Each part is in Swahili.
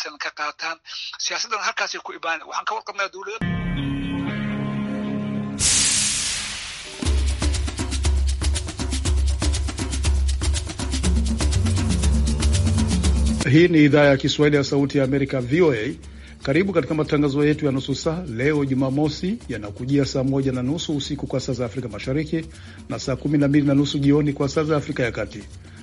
aysan ka qaataan siyaasadana halkaasay ku ibaana waxaan ka warqabnaa dowlada Hii ni idhaa ya Kiswahili ya Sauti ya Amerika, VOA. Karibu katika matangazo yetu ya nusu saa leo Jumamosi, yanakujia saa moja na nusu usiku kwa saa za Afrika Mashariki na saa kumi na mbili na nusu jioni kwa saa za Afrika ya Kati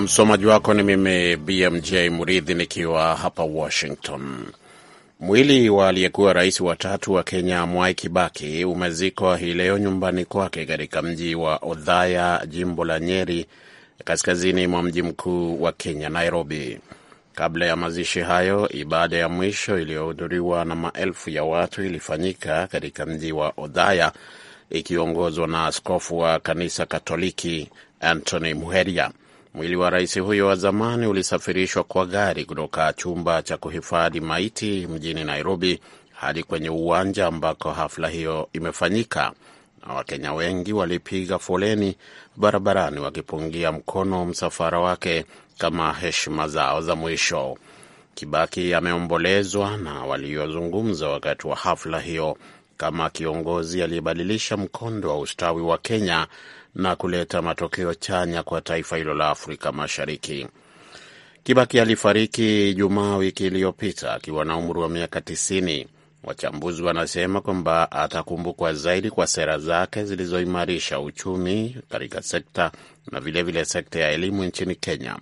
Msomaji wako ni mimi BMJ Muridhi nikiwa hapa Washington. Mwili wa aliyekuwa rais wa tatu wa Kenya Mwai Kibaki umezikwa hii leo nyumbani kwake katika mji wa Odhaya, jimbo la Nyeri, kaskazini mwa mji mkuu wa Kenya, Nairobi. Kabla ya mazishi hayo, ibada ya mwisho iliyohudhuriwa na maelfu ya watu ilifanyika katika mji wa Odhaya ikiongozwa na askofu wa kanisa Katoliki Anthony Muheria. Mwili wa rais huyo wa zamani ulisafirishwa kwa gari kutoka chumba cha kuhifadhi maiti mjini Nairobi hadi kwenye uwanja ambako hafla hiyo imefanyika, na Wakenya wengi walipiga foleni barabarani wakipungia mkono msafara wake kama heshima zao za mwisho. Kibaki ameombolezwa na waliozungumza wakati wa hafla hiyo kama kiongozi aliyebadilisha mkondo wa ustawi wa Kenya na kuleta matokeo chanya kwa taifa hilo la Afrika Mashariki. Kibaki alifariki Ijumaa wiki iliyopita akiwa na umri wa miaka tisini. Wachambuzi wanasema kwamba atakumbukwa zaidi kwa sera zake zilizoimarisha uchumi katika sekta na vilevile vile sekta ya elimu nchini Kenya.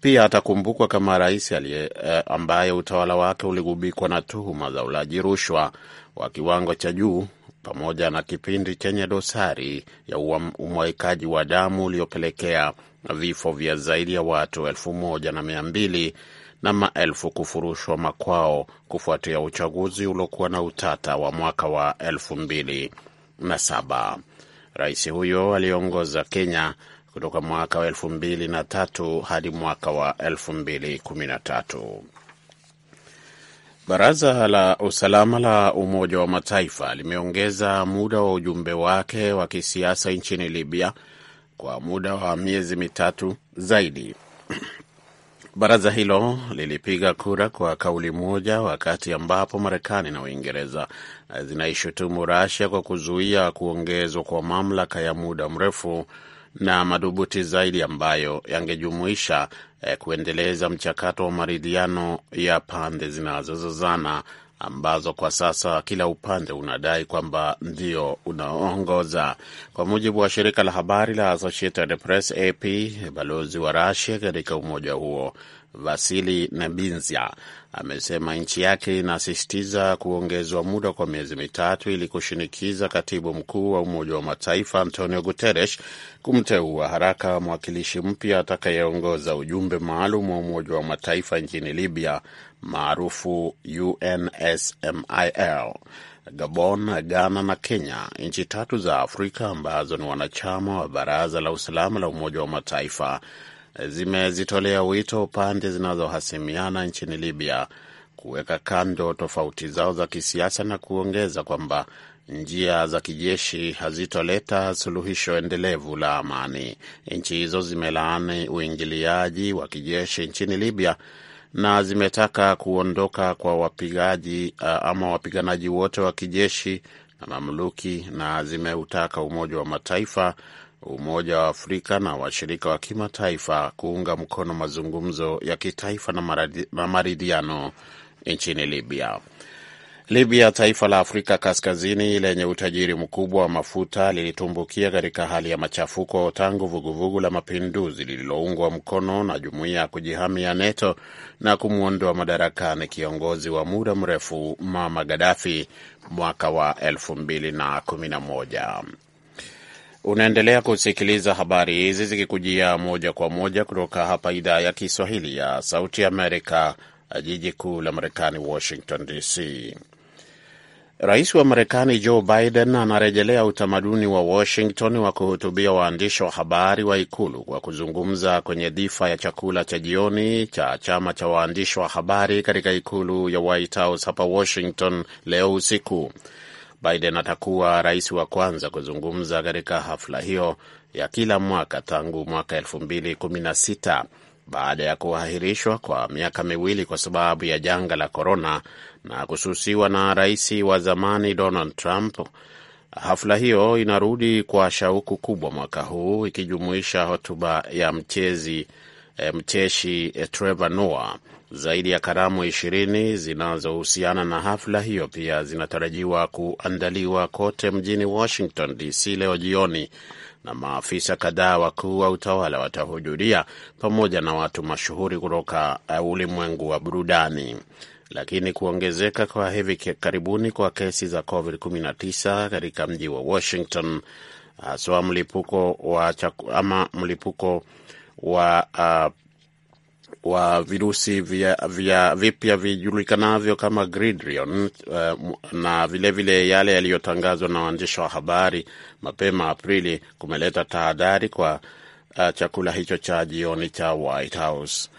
Pia atakumbukwa kama rais eh, ambaye utawala wake uligubikwa na tuhuma za ulaji rushwa, wa kiwango cha juu pamoja na kipindi chenye dosari ya umwaikaji wa damu uliopelekea vifo vya zaidi ya watu elfu moja na mia mbili na maelfu kufurushwa makwao kufuatia uchaguzi uliokuwa na utata wa mwaka wa elfu mbili na saba. Rais huyo aliongoza Kenya kutoka mwaka wa elfu mbili na tatu hadi mwaka wa elfu mbili kumi na tatu. Baraza la Usalama la Umoja wa Mataifa limeongeza muda wa ujumbe wake wa kisiasa nchini Libya kwa muda wa miezi mitatu zaidi. Baraza hilo lilipiga kura kwa kauli moja wakati ambapo Marekani na Uingereza zinaishutumu Rasia kwa kuzuia kuongezwa kwa mamlaka ya muda mrefu na madhubuti zaidi ambayo yangejumuisha eh, kuendeleza mchakato wa maridhiano ya pande zinazozozana ambazo kwa sasa kila upande unadai kwamba ndio unaongoza. Kwa mujibu wa shirika la habari la Associated Press AP, balozi wa Russia katika umoja huo Vasili Nebinzia amesema nchi yake inasisitiza kuongezwa muda kwa miezi mitatu ili kushinikiza katibu mkuu wa Umoja wa Mataifa Antonio Guterres kumteua haraka mwakilishi mpya atakayeongoza ujumbe maalum wa Umoja wa Mataifa nchini Libya maarufu UNSMIL. Gabon, Ghana na Kenya, nchi tatu za Afrika ambazo ni wanachama wa Baraza la Usalama la Umoja wa Mataifa zimezitolea wito pande zinazohasimiana nchini Libya kuweka kando tofauti zao za kisiasa na kuongeza kwamba njia za kijeshi hazitoleta suluhisho endelevu la amani. Nchi hizo zimelaani uingiliaji wa kijeshi nchini Libya na zimetaka kuondoka kwa wapigaji uh, ama wapiganaji wote wa kijeshi na mamluki, na zimeutaka Umoja wa Mataifa Umoja wa Afrika na washirika wa kimataifa kuunga mkono mazungumzo ya kitaifa na maridhiano nchini Libya. Libya, taifa la Afrika Kaskazini lenye utajiri mkubwa wa mafuta, lilitumbukia katika hali ya machafuko tangu vuguvugu la mapinduzi lililoungwa mkono na jumuiya ya kujihami ya NATO na kumwondoa madarakani kiongozi wa muda mrefu mama Gaddafi mwaka wa 2011. Unaendelea kusikiliza habari hizi zikikujia moja kwa moja kutoka hapa idhaa ya Kiswahili ya Sauti Amerika, jiji kuu la Marekani, Washington DC. Rais wa Marekani Joe Biden anarejelea utamaduni wa Washington wa kuhutubia waandishi wa habari wa ikulu kwa kuzungumza kwenye dhifa ya chakula cha jioni cha chama cha waandishi wa habari katika ikulu ya White House hapa Washington leo usiku. Biden atakuwa rais wa kwanza kuzungumza katika hafla hiyo ya kila mwaka tangu mwaka 2016 baada ya kuahirishwa kwa miaka miwili kwa sababu ya janga la korona na kususiwa na rais wa zamani Donald Trump. Hafla hiyo inarudi kwa shauku kubwa mwaka huu ikijumuisha hotuba ya mchezi E, mcheshi e, Trevor Noah. Zaidi ya karamu ishirini zinazohusiana na hafla hiyo pia zinatarajiwa kuandaliwa kote mjini Washington DC leo jioni, na maafisa kadhaa wakuu wa utawala watahudhuria pamoja na watu mashuhuri kutoka e, ulimwengu wa burudani. Lakini kuongezeka kwa hivi karibuni kwa kesi za COVID-19 katika mji wa Washington haswa mlipuko wa ama mlipuko wa uh, wa virusi vya, vya vipya vijulikanavyo kama Gridrion uh, na vilevile vile yale yaliyotangazwa na waandishi wa habari mapema Aprili kumeleta tahadhari kwa uh, chakula hicho cha jioni cha White House.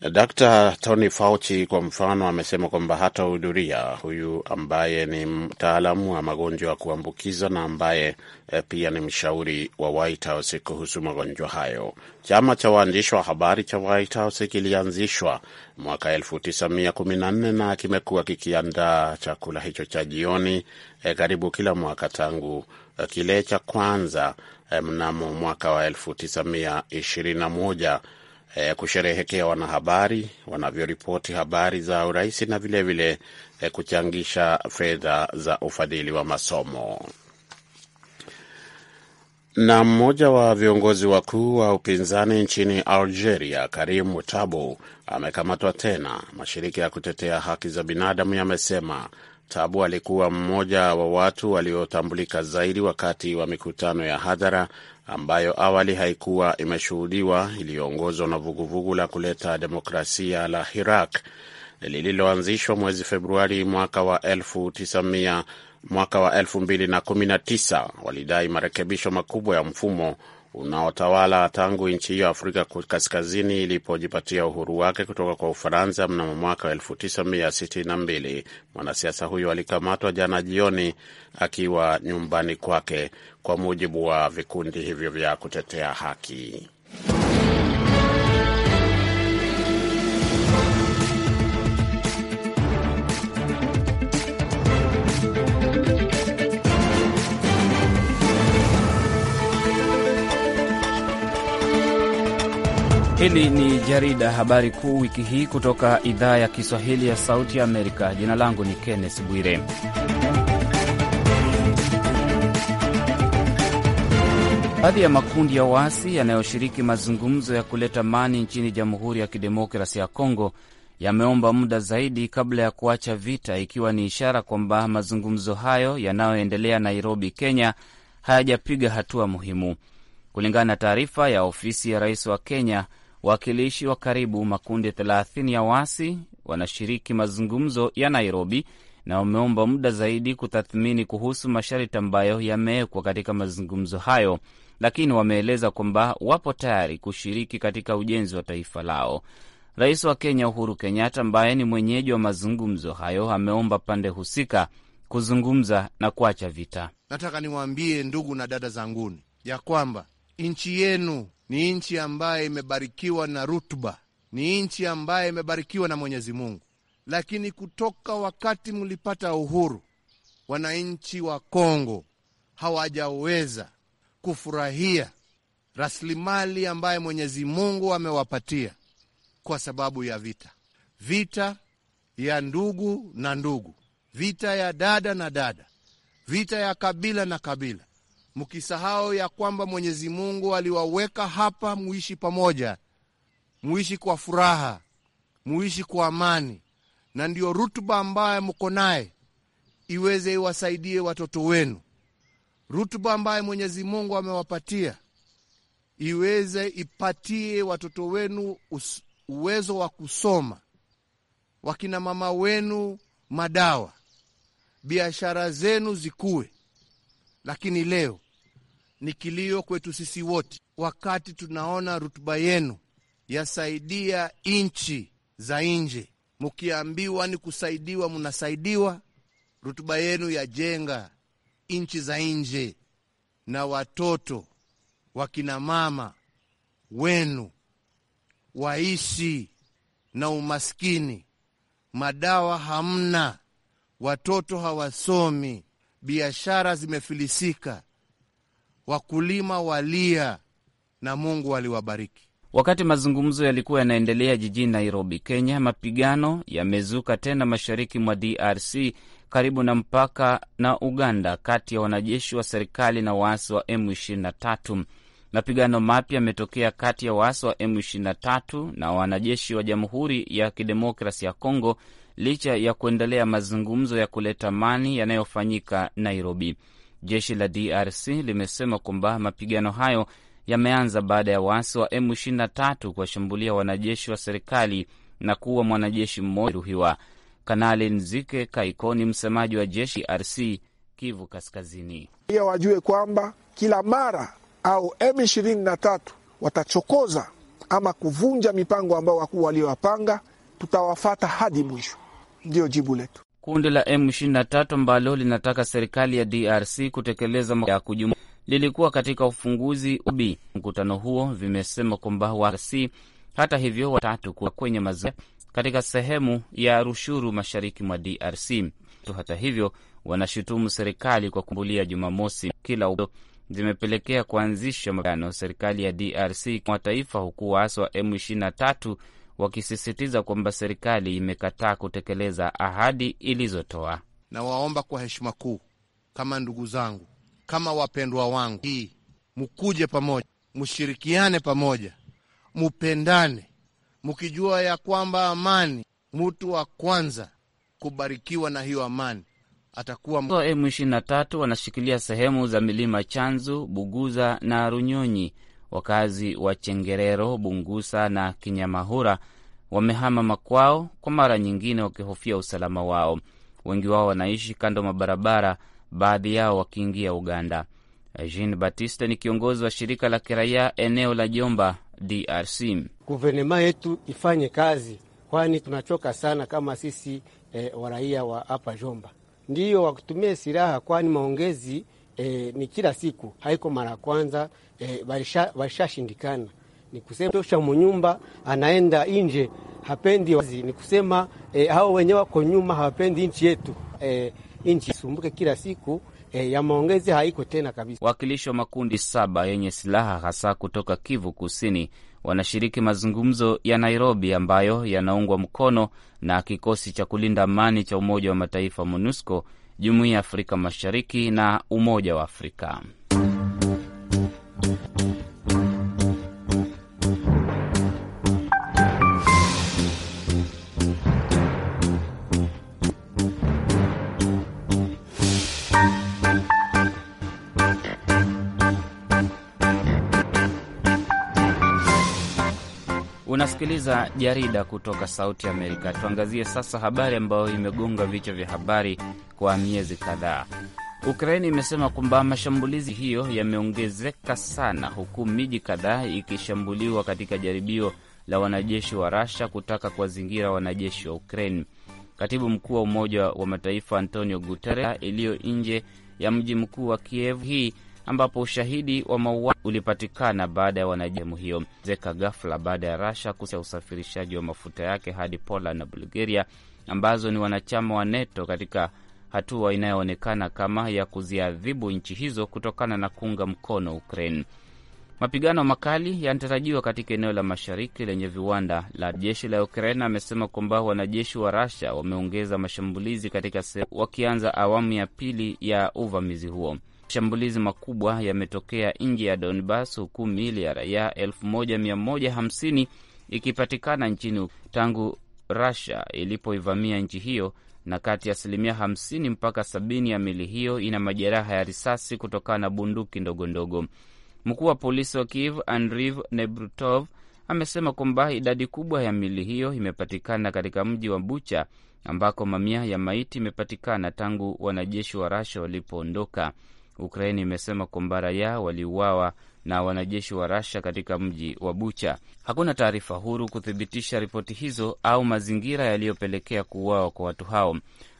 Dr. Tony Fauci kwa mfano amesema kwamba hatahudhuria, huyu ambaye ni mtaalamu wa magonjwa ya kuambukiza na ambaye eh, pia ni mshauri wa White House kuhusu magonjwa hayo. Chama cha waandishi wa habari cha White House kilianzishwa mwaka 1914 na kimekuwa kikiandaa chakula hicho cha jioni eh, karibu kila mwaka tangu eh, kile cha kwanza eh, mnamo mwaka wa 1921 e, kusherehekea wanahabari wanavyoripoti habari za urais na vilevile vile, e, kuchangisha fedha za ufadhili wa masomo. Na mmoja wa viongozi wakuu wa upinzani nchini Algeria, Karim Mutabu, amekamatwa tena, mashirika ya kutetea haki za binadamu yamesema Tabu alikuwa mmoja wa watu waliotambulika zaidi wakati wa mikutano ya hadhara ambayo awali haikuwa imeshuhudiwa, iliyoongozwa na vuguvugu la kuleta demokrasia la Hirak lililoanzishwa mwezi Februari mwaka wa 1900 mwaka wa 2019. Walidai marekebisho makubwa ya mfumo unaotawala tangu nchi hiyo Afrika Kaskazini ilipojipatia uhuru wake kutoka kwa Ufaransa mnamo mwaka 1962. Mwanasiasa huyo alikamatwa jana jioni akiwa nyumbani kwake, kwa mujibu wa vikundi hivyo vya kutetea haki. Hili ni jarida habari kuu wiki hii kutoka idhaa ya Kiswahili ya Sauti ya Amerika. Jina langu ni Kenneth Bwire. Baadhi ya makundi ya waasi yanayoshiriki mazungumzo ya kuleta amani nchini Jamhuri ya Kidemokrasi ya Kongo yameomba muda zaidi kabla ya kuacha vita, ikiwa ni ishara kwamba mazungumzo hayo yanayoendelea Nairobi, Kenya, hayajapiga hatua muhimu. Kulingana na taarifa ya ofisi ya rais wa Kenya, Wawakilishi wa karibu makundi 30 ya wasi wanashiriki mazungumzo ya Nairobi na wameomba muda zaidi kutathmini kuhusu masharti ambayo yamewekwa katika mazungumzo hayo, lakini wameeleza kwamba wapo tayari kushiriki katika ujenzi wa taifa lao. Rais wa Kenya Uhuru Kenyatta, ambaye ni mwenyeji wa mazungumzo hayo, ameomba pande husika kuzungumza na kuacha vita. Nataka niwaambie ndugu na dada zanguni ya kwamba nchi yenu ni nchi ambayo imebarikiwa na rutuba, ni nchi ambayo imebarikiwa na Mwenyezi Mungu. Lakini kutoka wakati mlipata uhuru, wananchi wa Kongo hawajaweza kufurahia rasilimali ambayo Mwenyezi Mungu amewapatia kwa sababu ya vita, vita ya ndugu na ndugu, vita ya dada na dada, vita ya kabila na kabila mkisahau ya kwamba Mwenyezi Mungu aliwaweka hapa muishi pamoja, muishi kwa furaha, muishi kwa amani, na ndiyo rutuba ambayo mko naye iweze iwasaidie watoto wenu, rutuba ambayo Mwenyezi Mungu amewapatia iweze ipatie watoto wenu uwezo wa kusoma, wakina mama wenu madawa, biashara zenu zikuwe. Lakini leo ni kilio kwetu sisi wote, wakati tunaona rutuba yenu yasaidia nchi za nje, mukiambiwa ni kusaidiwa, mnasaidiwa. Rutuba yenu yajenga nchi za nje, na watoto wakinamama wenu waishi na umaskini, madawa hamna, watoto hawasomi, biashara zimefilisika wakulima walia na Mungu aliwabariki. Wakati mazungumzo yalikuwa yanaendelea jijini Nairobi, Kenya, mapigano yamezuka tena mashariki mwa DRC karibu na mpaka na Uganda, kati ya wanajeshi wa serikali na waasi wa M23. Mapigano mapya yametokea kati ya waasi wa M23 na wanajeshi wa Jamhuri ya Kidemokrasi ya congo licha ya kuendelea mazungumzo ya kuleta amani yanayofanyika Nairobi. Jeshi la DRC limesema kwamba mapigano hayo yameanza baada ya waasi wa M23 kuwashambulia wanajeshi wa serikali na kuua mwanajeshi mmoja ruhiwa. Kanali Nzike Kaiko ni msemaji wa jeshi RC Kivu Kaskazini. Pia wajue kwamba kila mara au M23 watachokoza ama kuvunja mipango ambayo wakuu waliowapanga, tutawafata hadi mwisho. Ndiyo jibu letu. Kundi la M23 ambalo linataka serikali ya DRC kutekeleza ya kujumuisha lilikuwa katika ufunguzi wa mkutano huo, vimesema kwamba WRC hata hivyo watatu kuwa kwenye mazoea katika sehemu ya Rushuru mashariki mwa DRC. Hata hivyo wanashutumu serikali kwa kumbulia Jumamosi kila udo zimepelekea kuanzisha mapigano serikali ya DRC kwa taifa, huku waasi wa M23 wakisisitiza kwamba serikali imekataa kutekeleza ahadi ilizotoa. Nawaomba kwa heshima kuu, kama ndugu zangu, kama wapendwa wangu, hii mukuje pamoja, mushirikiane pamoja, mupendane, mukijua ya kwamba amani, mutu wa kwanza kubarikiwa na hiyo amani atakuwa M23 wanashikilia sehemu za milima Chanzu, Buguza na Runyonyi Wakazi wa Chengerero, Bungusa na Kinyamahura wamehama makwao, kwa mara nyingine wakihofia usalama wao. Wengi wao wanaishi kando mabarabara, baadhi yao wakiingia Uganda. Jean Batiste ni kiongozi wa shirika la kiraia eneo la Jomba, DRC. Guvernema yetu ifanye kazi, kwani tunachoka sana kama sisi e, eh, waraia wa hapa Jomba, ndiyo wakutumie silaha, kwani maongezi e, ni kila siku, haiko mara ya kwanza e, walishashindikana. walisha Ni kusema tosha, munyumba anaenda nje, hapendi wazi. Ni kusema e, hao wenyewe wako nyuma, hawapendi nchi yetu e, nchi sumbuke kila siku. E, ya maongezi haiko tena kabisa. Wakilishi wa makundi saba yenye silaha hasa kutoka Kivu Kusini wanashiriki mazungumzo ya Nairobi ambayo yanaungwa mkono na kikosi cha kulinda amani cha Umoja wa Mataifa MONUSCO Jumuiya ya Afrika Mashariki na Umoja wa Afrika. Unasikiliza jarida kutoka Sauti Amerika. Tuangazie sasa habari ambayo imegonga vichwa vya habari kwa miezi kadhaa. Ukraini imesema kwamba mashambulizi hiyo yameongezeka sana, huku miji kadhaa ikishambuliwa katika jaribio la wanajeshi wa Rasha kutaka kuwazingira wanajeshi wa Ukraini. Katibu mkuu wa Umoja wa Mataifa Antonio Guterres iliyo nje ya mji mkuu wa Kiev hii ambapo ushahidi wa mauaji ulipatikana baada ya wanajihemu hiyo zeka ghafla baada ya Rasha kusitisha usafirishaji wa mafuta yake hadi Poland na Bulgaria ambazo ni wanachama wa NATO katika hatua inayoonekana kama ya kuziadhibu nchi hizo kutokana na kuunga mkono Ukraine. Mapigano makali yanatarajiwa katika eneo la mashariki lenye viwanda la jeshi la Ukraine. Amesema kwamba wanajeshi wa Rasha wameongeza mashambulizi katika sehemu, wakianza awamu ya pili ya uvamizi huo. Mashambulizi makubwa yametokea nje ya Donbas, huku miili ya raia 1150 ikipatikana nchini tangu Rusia ilipoivamia nchi hiyo, na kati ya asilimia 50 mpaka 70 ya miili hiyo ina majeraha ya risasi kutokana na bunduki ndogondogo. Mkuu wa polisi wa Kiev Andriv Nebrutov amesema kwamba idadi kubwa ya miili hiyo imepatikana katika mji wa Bucha ambako mamia ya maiti imepatikana tangu wanajeshi wa Rasha walipoondoka. Ukraini imesema kwamba raia waliuawa na wanajeshi wa Rasha katika mji wa Bucha. Hakuna taarifa huru kuthibitisha ripoti hizo au mazingira yaliyopelekea kuuawa kwa watu hao.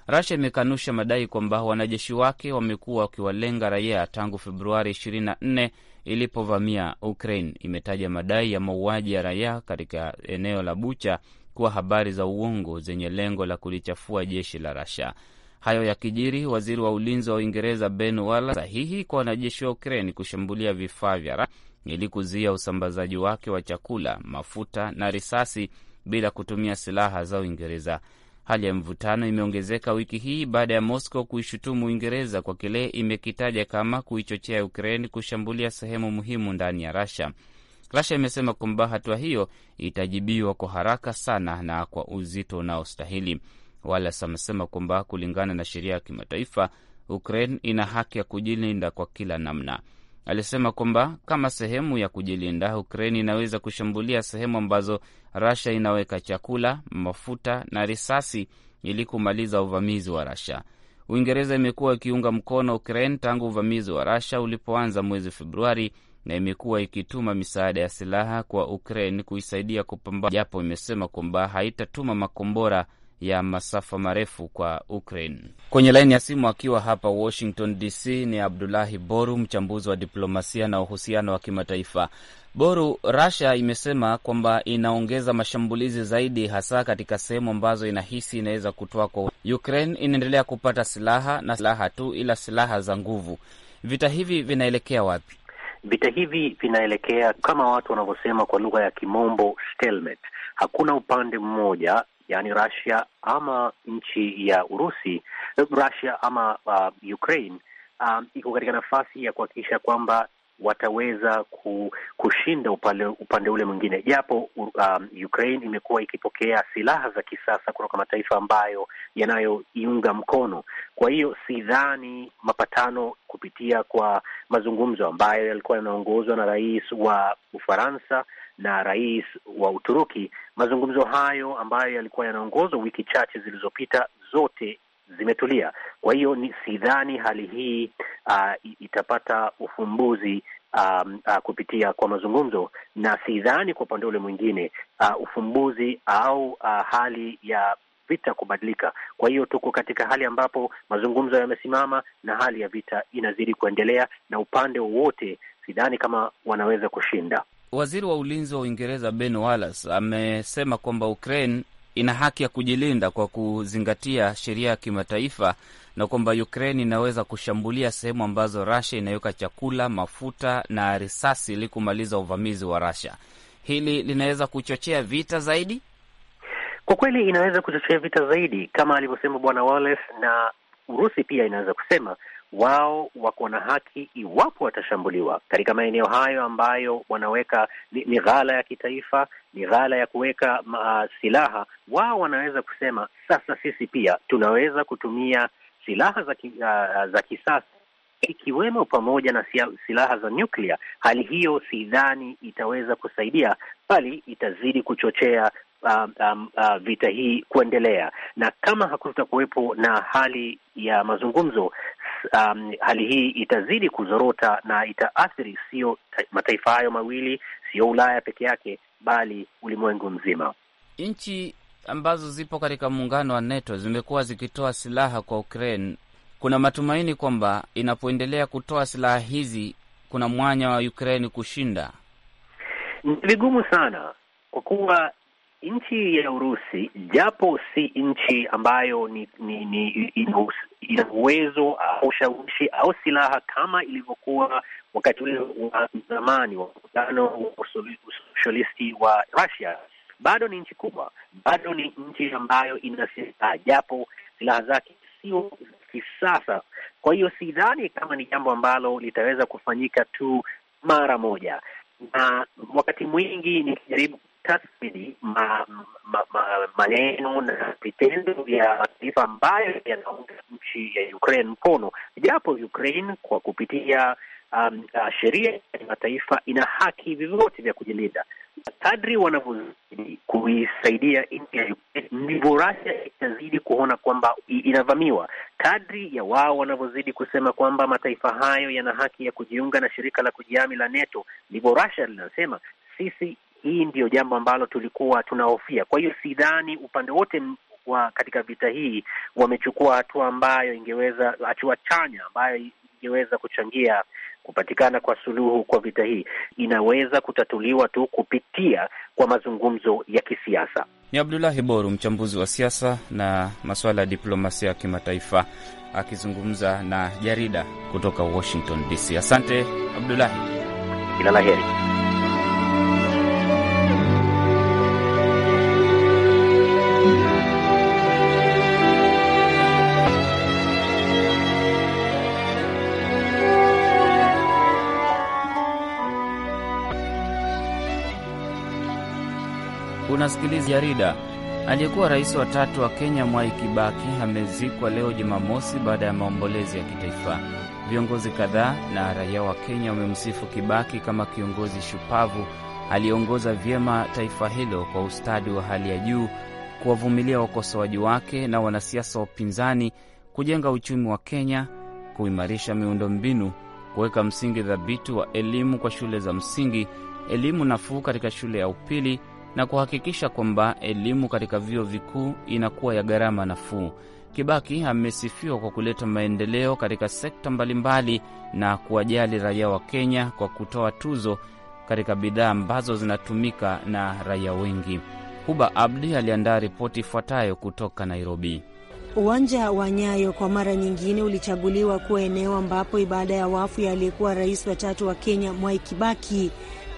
Rasha imekanusha madai kwamba wanajeshi wake wamekuwa wakiwalenga raia tangu Februari 24 ilipovamia Ukraine. Imetaja madai ya mauaji ya raia katika eneo la Bucha kuwa habari za uongo zenye lengo la kulichafua jeshi la Rasha. Hayo yakijiri, waziri wa ulinzi wa Uingereza Ben Wallace sahihi kwa wanajeshi wa Ukraini kushambulia vifaa vya ili kuzuia usambazaji wake wa chakula, mafuta na risasi bila kutumia silaha za Uingereza. Hali ya mvutano imeongezeka wiki hii baada ya Moscow kuishutumu Uingereza kwa kile imekitaja kama kuichochea Ukraine kushambulia sehemu muhimu ndani ya Russia. Russia imesema kwamba hatua hiyo itajibiwa kwa haraka sana na kwa uzito unaostahili. Wallace amesema kwamba kulingana na sheria ya kimataifa, Ukraine ina haki ya kujilinda kwa kila namna. Alisema kwamba kama sehemu ya kujilinda, Ukraine inaweza kushambulia sehemu ambazo Russia inaweka chakula, mafuta na risasi ili kumaliza uvamizi wa Russia. Uingereza imekuwa ikiunga mkono Ukraine tangu uvamizi wa Russia ulipoanza mwezi Februari na imekuwa ikituma misaada ya silaha kwa Ukraine kuisaidia kupambana, japo imesema kwamba haitatuma makombora ya masafa marefu kwa Ukraine. Kwenye laini ya simu akiwa hapa Washington DC ni Abdulahi Boru, mchambuzi wa diplomasia na uhusiano wa kimataifa. Boru, Russia imesema kwamba inaongeza mashambulizi zaidi, hasa katika sehemu ambazo inahisi inaweza kutoa kwa Ukraine. Inaendelea kupata silaha na silaha tu, ila silaha za nguvu. Vita hivi vinaelekea wapi? Vita hivi vinaelekea kama watu wanavyosema kwa lugha ya Kimombo, stalemate. Hakuna upande mmoja yaani Russia ama nchi ya Urusi, Russia ama uh, Ukraine um, iko katika nafasi ya kuhakikisha kwamba wataweza kushinda upande, upande ule mwingine, japo um, Ukraine imekuwa ikipokea silaha za kisasa kutoka mataifa ambayo yanayoiunga mkono. Kwa hiyo sidhani mapatano kupitia kwa mazungumzo ambayo yalikuwa yanaongozwa na rais wa Ufaransa na rais wa Uturuki Mazungumzo hayo ambayo yalikuwa yanaongozwa wiki chache zilizopita zote zimetulia. Kwa hiyo ni sidhani hali hii uh, itapata ufumbuzi um, uh, kupitia kwa mazungumzo, na sidhani kwa upande ule mwingine uh, ufumbuzi au uh, hali ya vita kubadilika. Kwa hiyo tuko katika hali ambapo mazungumzo yamesimama na hali ya vita inazidi kuendelea, na upande wowote sidhani kama wanaweza kushinda. Waziri wa ulinzi wa Uingereza Ben Wallace amesema kwamba Ukraine ina haki ya kujilinda kwa kuzingatia sheria ya kimataifa na kwamba Ukraine inaweza kushambulia sehemu ambazo Russia inaweka chakula, mafuta na risasi ili kumaliza uvamizi wa Russia. Hili linaweza kuchochea vita zaidi. Kwa kweli, inaweza kuchochea vita zaidi kama alivyosema Bwana Wallace, na Urusi pia inaweza kusema wao wako na haki iwapo watashambuliwa katika maeneo hayo ambayo wanaweka ni, ghala ya kitaifa, ni ghala ya kuweka uh, silaha. Wao wanaweza kusema sasa sisi pia tunaweza kutumia silaha za, ki, uh, za kisasa ikiwemo pamoja na silaha za nyuklia. Hali hiyo sidhani itaweza kusaidia, bali itazidi kuchochea Um, um, uh, vita hii kuendelea, na kama hakutakuwepo na hali ya mazungumzo, um, hali hii itazidi kuzorota na itaathiri sio mataifa hayo mawili, sio Ulaya peke yake, bali ulimwengu mzima. Nchi ambazo zipo katika muungano wa NATO zimekuwa zikitoa silaha kwa Ukraine. Kuna matumaini kwamba inapoendelea kutoa silaha hizi, kuna mwanya wa Ukraine kushinda. Ni vigumu sana kwa kuwa nchi ya Urusi japo si nchi ambayo ni, ni, ni ina uwezo au ushawishi au silaha kama ilivyokuwa wakati ule wa zamani wa muungano wa usholisti wa Russia, bado ni nchi kubwa, bado ni nchi ambayo ina silaha, japo silaha zake sio kisasa. Kwa hiyo sidhani kama ni jambo ambalo litaweza kufanyika tu mara moja, na wakati mwingi nikijaribu tathmini ma, ma, ma, maneno na vitendo vya mataifa ambayo yanaunga nchi ya Ukraine mkono, japo Ukraine kwa kupitia um, uh, sheria ya kimataifa ina haki vyovyote vya kujilinda. Kadri wanavyozidi kuisaidia nchi ya Ukraine ndivyo Russia itazidi kuona kwamba inavamiwa. Kadri ya wao wanavyozidi kusema kwamba mataifa hayo yana haki ya kujiunga na shirika la kujihami la NATO, ndivyo Russia linasema sisi hii ndiyo jambo ambalo tulikuwa tunahofia. Kwa hiyo sidhani upande wote wa katika vita hii wamechukua hatua ambayo ingeweza, hatua chanya ambayo ingeweza kuchangia kupatikana kwa suluhu kwa vita hii. Inaweza kutatuliwa tu kupitia kwa mazungumzo ya kisiasa. Ni Abdulahi Boru, mchambuzi wa siasa na masuala ya diplomasia ya kimataifa, akizungumza na jarida kutoka Washington DC. Asante Abdulahi, kila la heri. unasikiliza jarida. Aliyekuwa rais wa tatu wa Kenya Mwai Kibaki amezikwa leo Jumamosi baada ya maombolezi ya kitaifa. Viongozi kadhaa na raia wa Kenya wamemsifu Kibaki kama kiongozi shupavu aliyeongoza vyema taifa hilo kwa ustadi wa hali ya juu, kuwavumilia wakosoaji wake na wanasiasa wa upinzani, kujenga uchumi wa Kenya, kuimarisha miundombinu, kuweka msingi thabiti wa elimu kwa shule za msingi, elimu nafuu katika shule ya upili na kuhakikisha kwamba elimu katika vyuo vikuu inakuwa ya gharama nafuu. Kibaki amesifiwa kwa kuleta maendeleo katika sekta mbalimbali na kuwajali raia wa Kenya kwa kutoa tuzo katika bidhaa ambazo zinatumika na raia wengi. Huba Abdi aliandaa ripoti ifuatayo kutoka Nairobi. Uwanja wa Nyayo kwa mara nyingine ulichaguliwa kuwa eneo ambapo ibada ya wafu ya aliyekuwa rais wa tatu wa Kenya Mwai Kibaki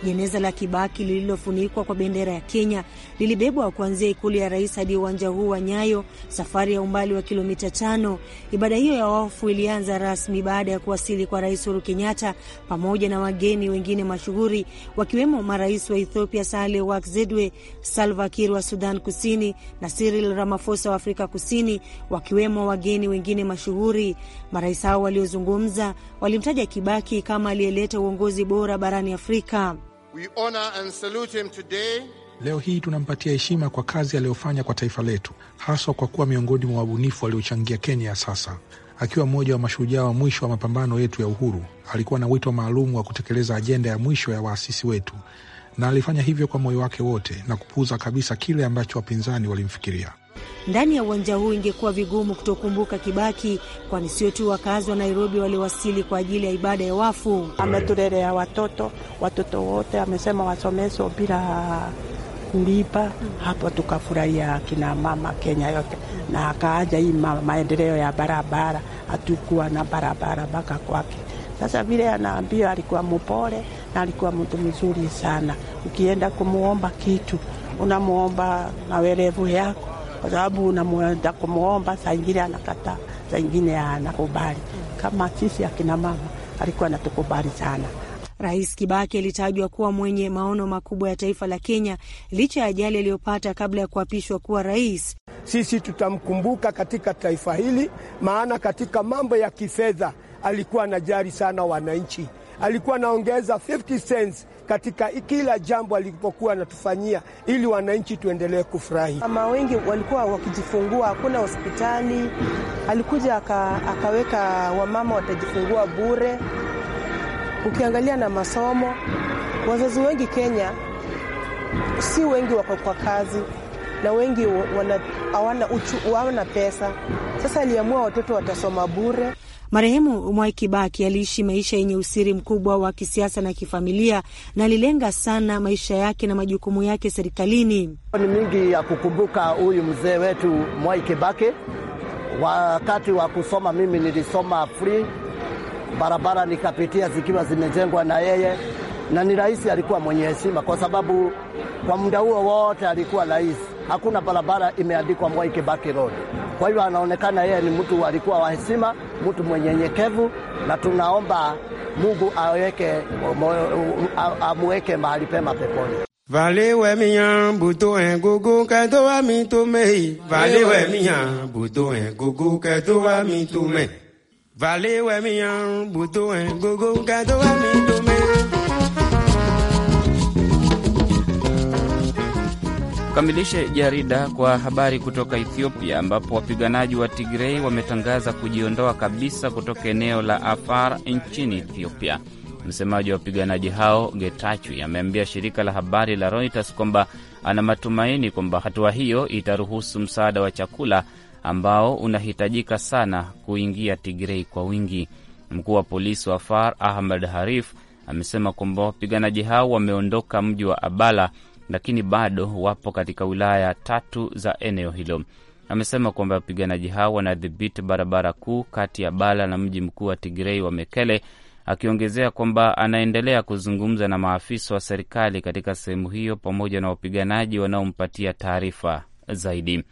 Jeneza la Kibaki lililofunikwa kwa bendera ya Kenya lilibebwa kuanzia ikulu ya rais hadi uwanja huu wa Nyayo, safari ya umbali wa kilomita tano. Ibada hiyo ya wafu ilianza rasmi baada ya kuwasili kwa Rais Uhuru Kenyatta pamoja na wageni wengine mashuhuri wakiwemo marais wa Ethiopia Sahle Work Zedwe, Salva Kiir wa Sudan Kusini na Cyril Ramaphosa wa Afrika Kusini, wakiwemo wageni wengine mashuhuri. Marais hao waliozungumza walimtaja Kibaki kama aliyeleta uongozi bora barani Afrika. We honor and salute him today. Leo hii tunampatia heshima kwa kazi aliyofanya kwa taifa letu, haswa kwa kuwa miongoni mwa wabunifu waliochangia Kenya ya sasa. Akiwa mmoja wa mashujaa wa mwisho wa mapambano yetu ya uhuru, alikuwa na wito maalum wa kutekeleza ajenda ya mwisho ya waasisi wetu, na alifanya hivyo kwa moyo wake wote na kupuuza kabisa kile ambacho wapinzani walimfikiria. Ndani ya uwanja huu ingekuwa vigumu kutokumbuka Kibaki, kwani sio tu wakazi wa Nairobi waliowasili kwa ajili ya ibada ya wafu. Ametulelea watoto, watoto wote amesema wasomeso bila kulipa. Hapo tukafurahia kina mama Kenya yote, na akaaja hii maendeleo ya barabara. Hatukuwa na barabara mpaka kwake. Sasa vile anaambia, alikuwa mpole na alikuwa mtu mzuri sana. Ukienda kumwomba kitu, unamwomba na werevu yako kwa sababu unamwenda kumwomba, saa ingine anakata, saa ingine anakubali. Kama sisi akina mama alikuwa anatukubali sana. Rais Kibaki alitajwa kuwa mwenye maono makubwa ya taifa la Kenya licha ya ajali aliyopata kabla ya kuapishwa kuwa rais. Sisi tutamkumbuka katika taifa hili, maana katika mambo ya kifedha alikuwa anajali sana wananchi. Alikuwa anaongeza 50 cents katika kila jambo alipokuwa anatufanyia ili wananchi tuendelee kufurahi. Mama wengi walikuwa wakijifungua, hakuna hospitali, alikuja aka, akaweka wamama watajifungua bure. Ukiangalia na masomo, wazazi wengi Kenya si wengi wako kwa kazi na wengi hawana pesa. Sasa aliamua watoto watasoma bure. Marehemu Mwai Kibaki aliishi maisha yenye usiri mkubwa wa kisiasa na kifamilia, na alilenga sana maisha yake na majukumu yake serikalini. Ni mingi ya kukumbuka huyu mzee wetu Mwai Kibaki. Wakati wa kusoma mimi nilisoma free, barabara nikapitia zikiwa zimejengwa na yeye, na ni rais alikuwa mwenye heshima, kwa sababu kwa muda huo wote alikuwa rais, hakuna barabara imeandikwa Mwai Kibaki Road. Kwa hiyo anaonekana yeye ni mtu alikuwa wa heshima, mtu mwenye nyekevu, na tunaomba Mungu aweke amweke mahali pema peponi. Vale we miya buto en gugu ka to wa mi to Vale we miya buto en gugu ka to wa mi to Vale we miya buto en gugu ka to wa mi to Tukamilishe jarida kwa habari kutoka Ethiopia ambapo wapiganaji wa Tigrei wametangaza kujiondoa kabisa kutoka eneo la Afar nchini Ethiopia. Msemaji wa wapiganaji hao Getachew ameambia shirika la habari la Reuters kwamba ana matumaini kwamba hatua hiyo itaruhusu msaada wa chakula ambao unahitajika sana kuingia Tigrei kwa wingi. Mkuu wa polisi wa Afar Ahmad Harif amesema kwamba wapiganaji hao wameondoka mji wa Abala lakini bado wapo katika wilaya tatu za eneo hilo. Amesema kwamba wapiganaji hao wanadhibiti barabara kuu kati ya Bala na mji mkuu wa Tigrei wa Mekele, akiongezea kwamba anaendelea kuzungumza na maafisa wa serikali katika sehemu hiyo pamoja na wapiganaji wanaompatia taarifa zaidi.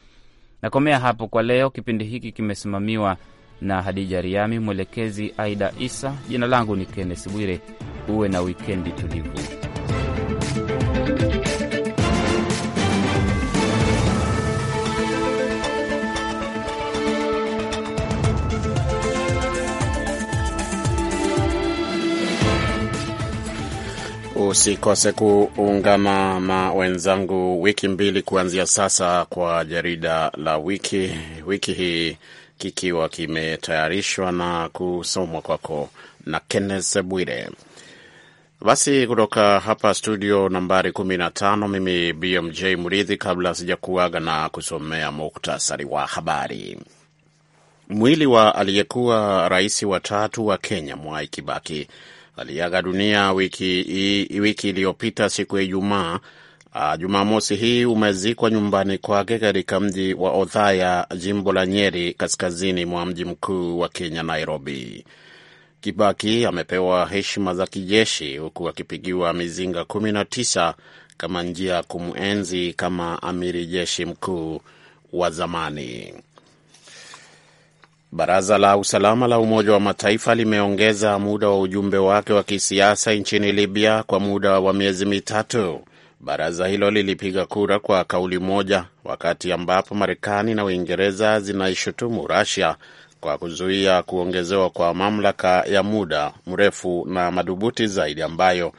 Nakomea hapo kwa leo. Kipindi hiki kimesimamiwa na Hadija Riami, mwelekezi Aida Isa. Jina langu ni Kennes Bwire. Uwe na wikendi tulivu. Usikose kuungana na wenzangu wiki mbili kuanzia sasa kwa jarida la wiki, wiki hii kikiwa kimetayarishwa na kusomwa kwako na Kenneth Bwire. Basi kutoka hapa studio nambari 15, mimi BMJ Mridhi, kabla sijakuaga na kusomea muktasari wa habari. Mwili wa aliyekuwa rais wa tatu wa Kenya Mwai Kibaki aliaga dunia wiki wiki iliyopita siku ya Ijumaa. Ah, Jumamosi hii umezikwa nyumbani kwake katika mji wa Othaya, jimbo la Nyeri, kaskazini mwa mji mkuu wa Kenya, Nairobi. Kibaki amepewa heshima za kijeshi huku akipigiwa mizinga 19 kama njia ya kumwenzi kama amiri jeshi mkuu wa zamani. Baraza la usalama la Umoja wa Mataifa limeongeza muda wa ujumbe wake wa kisiasa nchini Libya kwa muda wa miezi mitatu. Baraza hilo lilipiga kura kwa kauli moja, wakati ambapo Marekani na Uingereza zinaishutumu rasia kwa kuzuia kuongezewa kwa mamlaka ya muda mrefu na madhubuti zaidi ambayo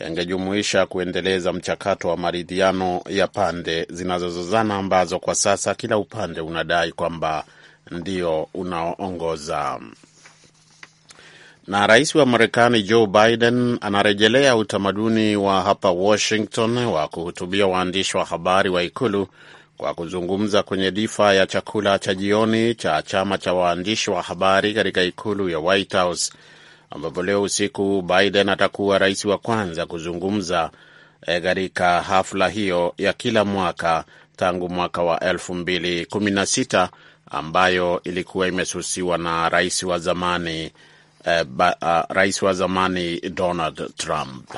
yangejumuisha kuendeleza mchakato wa maridhiano ya pande zinazozozana ambazo kwa sasa kila upande unadai kwamba ndio unaoongoza. Na rais wa Marekani Joe Biden anarejelea utamaduni wa hapa Washington wa kuhutubia waandishi wa habari wa ikulu kwa kuzungumza kwenye difa ya chakula cha jioni cha chama cha waandishi wa habari katika ikulu ya White House, ambapo leo usiku Biden atakuwa rais wa kwanza kuzungumza eh, katika hafla hiyo ya kila mwaka tangu mwaka wa 2016 ambayo ilikuwa imesusiwa na rais wa zamani, eh, uh, rais wa zamani Donald Trump.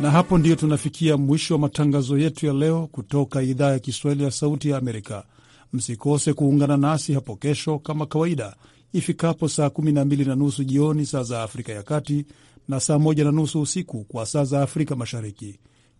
Na hapo ndiyo tunafikia mwisho wa matangazo yetu ya leo kutoka idhaa ya Kiswahili ya Sauti ya Amerika. Msikose kuungana nasi hapo kesho kama kawaida ifikapo saa 12 na nusu jioni saa za Afrika ya Kati na saa 1 na nusu usiku kwa saa za Afrika Mashariki.